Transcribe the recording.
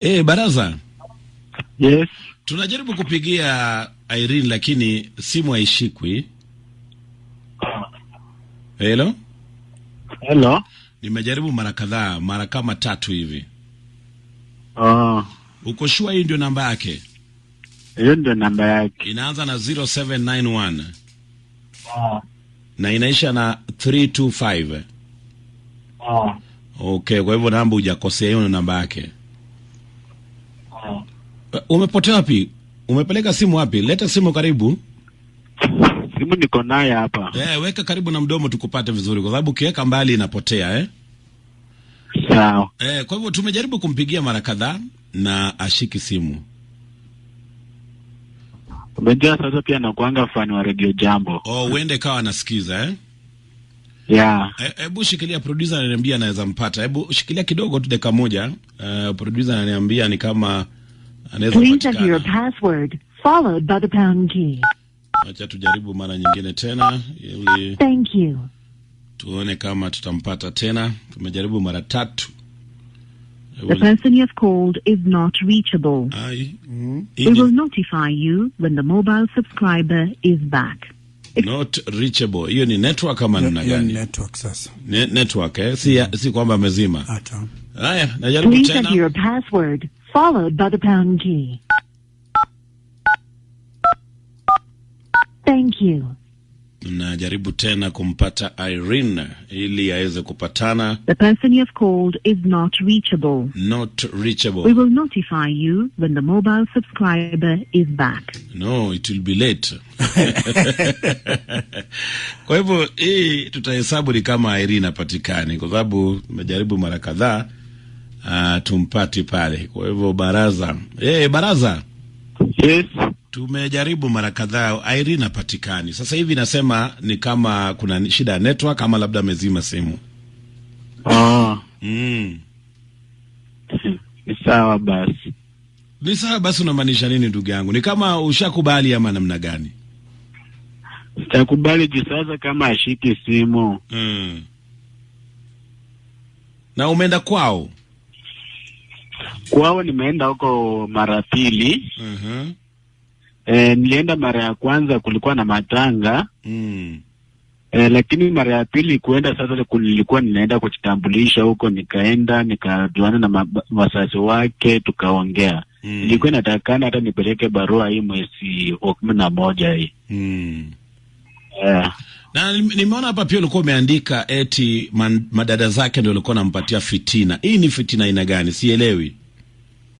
E, Baraza. Yes. Tunajaribu kupigia Irene lakini simu haishikwi. Hello? Hello? Nimejaribu mara kadhaa, mara kama tatu hivi. Ah. Uh, Uko shua hii ndio namba yake? Hiyo ndio namba yake. Inaanza na 0791. Ah. Uh, Na inaisha na 325. Ah. Uh, Okay, kwa hivyo namba hujakosea, hiyo ndio namba yake. Uh, umepotea wapi? Umepeleka simu wapi? Leta simu karibu. Simu niko naye hapa. Eh, weka karibu na mdomo tukupate vizuri, kwa sababu ukiweka mbali inapotea eh. Sawa. Eh, kwa hivyo tumejaribu kumpigia mara kadhaa na ashiki simu. Umejua sasa pia nakuanga fani wa Radio Jambo. Oh, uende kawa anasikiza eh? Yeah. Hebu e, shikilia producer ananiambia anaweza mpata. Hebu shikilia kidogo tu dakika moja. Uh, producer ananiambia ni kama enter your password followed by the pound key. Acha tujaribu mara nyingine tena ili Thank you. tuone kama tutampata tena. Tumejaribu mara tatu. The person you have called is not reachable. Ai. Mm. -hmm. We will notify you when the mobile subscriber is back. Not reachable. Hiyo ni network ama namna gani? Ni Network sasa. Ne network eh? Si, mm. -hmm. si kwamba amezima. Hata. Haya, najaribu tena. Please enter your password followed by the pound key. Thank you. Najaribu tena kumpata Irene ili aweze kupatana. The person you have called is not reachable. Not reachable. We will notify you when the mobile subscriber is back. No, it will be late. Kwa hivyo hii tutahesabu ni kama Irene hapatikani, kwa sababu tumejaribu mara kadhaa uh, tumpati pale. Kwa hivyo baraza, hey, eh, baraza yes. Tumejaribu mara kadhaa, Irene hapatikani. Sasa hivi nasema ni kama kuna shida ya network ama labda amezima simu. Oh. Mm. Ni sawa basi, ni sawa basi. Unamaanisha nini ndugu yangu? Ni kama ushakubali ama namna gani? Sitakubali juu sasa kama ashiki simu. Mm. Na umeenda kwao? Kwao nimeenda huko mara pili. mm -hmm. E, nilienda mara ya kwanza kulikuwa na matanga mm. E, lakini mara ya pili kuenda sasa, nilikuwa ninaenda kujitambulisha huko, nikaenda nikajuana na wazazi wake tukaongea. mm. Nilikuwa inatakana hata nipeleke barua hii mwezi wa kumi na moja hii mm. yeah. Na nimeona hapa pia ulikuwa umeandika eti man, madada zake ndio walikuwa wanampatia fitina. Hii ni fitina aina gani? Sielewi.